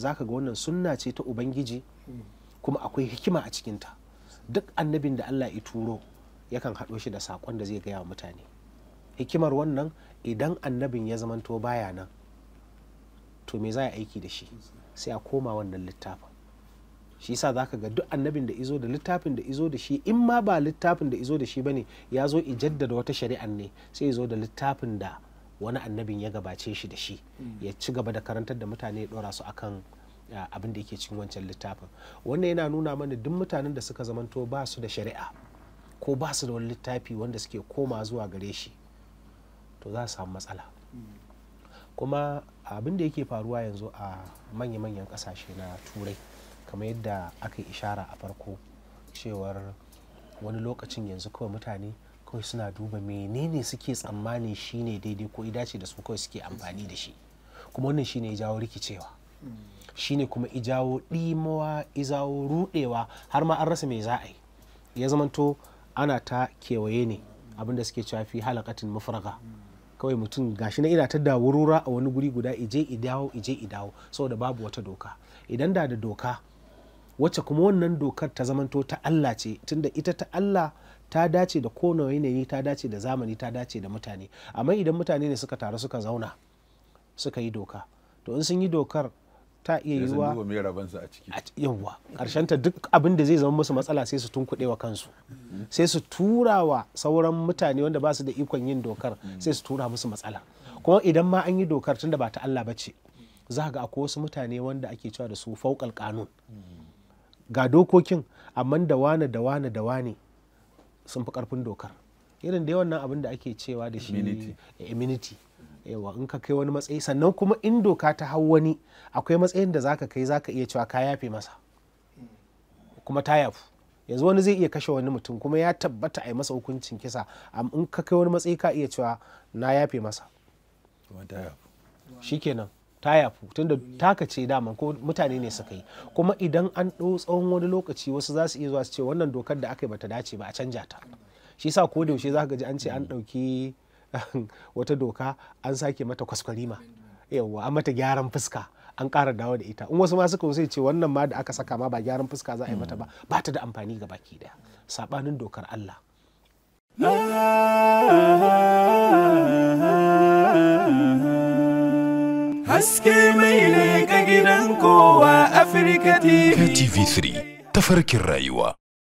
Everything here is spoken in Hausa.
za ka ga wannan sunna ce ta ubangiji kuma akwai hikima a cikinta duk annabin da allah ya turo yakan haɗo shi da saƙon da zai gaya wa mutane hikimar wannan idan annabin ya zamanto baya nan to me za a aiki da shi sai a koma wannan littafin shi yasa za ka ga duk annabin da izo da littafin da izo da shi in ma ba littafin da izo da shi bane ya zo ijaddada wata shari'an ne sai zo da littafin da wani annabin ya gabace shi da shi ya ci gaba da karantar da mutane ya dora su akan abin da yake cikin wancan littafin wannan yana nuna mana duk mutanen da suka zamanto ba su da shari'a ko ba su da wani littafi wanda suke koma zuwa gare shi to za su samu matsala kuma abin da yake faruwa yanzu a manya-manyan kasashe na turai kamar yadda aka yi ishara a farko cewar wani lokacin yanzu kawai mutane kawai suna duba menene suke tsammani shine daidai ko idace da su kawai suke amfani da shi kuma wannan shine ya jawo rikicewa shine kuma ijawo ɗimawa jawo rudewa har ma an rasa mai za a yi ya zamanto ana ta kewaye ne abinda suke cewa fi halakatin mafaraga kawai mutum gashi na ina ta dawurura a wani guri guda ije i idawo ije i idawo saboda babu wata doka idan da da doka wacce kuma wannan dokar ta zamanto ta Allah ce tunda ita ta Allah ta dace da kona yanayi ta dace da zamani ta dace da mutane amma idan mutane ne suka taru suka zauna suka yi doka to in sun yi dokar ta iya yi yiwuwa yawwa ta duk abin da zai zama musu matsala sai su tunkuɗe wa kansu mm-hmm. sai su tura wa sauran mutane wanda ba su da ikon yin dokar mm-hmm. sai su tura musu matsala kuma idan ma an yi dokar tunda ba ta Allah bace za ga akwai wasu mutane wanda ake cewa da su fauƙal kanun mm-hmm. ga dokokin amma da wane da wane da wane sun fi karfin dokar irin da wannan abin da ake cewa da shi immunity yawa in ka kai wani matsayi sannan kuma in doka ta hau wani akwai matsayin da zaka kai zaka iya cewa ka yafe masa kuma ta yafu yanzu wani zai iya kashe wani mutum kuma ya tabbata a yi masa hukuncin kisa in ka kai wani matsayi ka iya cewa na yafe masa shikenan ta yafu tunda taka ce dama ko mutane ne suka yi kuma idan an ɗo tsawon wani lokaci wasu za su iya zuwa su ce wannan dokar da aka yi bata dace ba a canja ta shi sa ko da yaushe za ka ji an ce an ɗauki wata doka an sake mata kwaskwarima yawwa an mata gyaran fuska an ƙara dawo da ita in wasu ma suka sai ce wannan ma da aka saka ma ba gyaran fuska za a yi mata ba ba ta da amfani ga baki daya sabanin dokar Allah haske mai leƙa gidan kowa Afirka TV. KTV3 tafarkin rayuwa.